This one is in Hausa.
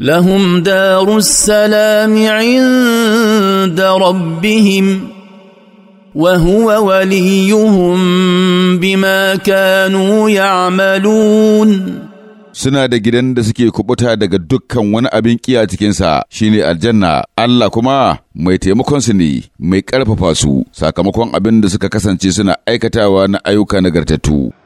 لهم دار السلام عند ربهم وهو وليهم بما كانوا يعملون suna da gidan da suke kubuta daga dukkan wani abin kiya cikinsa shine aljanna Allah kuma mai taimakonsu ne mai ƙarfafa su sakamakon abin da suka kasance suna aikatawa na ayyuka nagartattu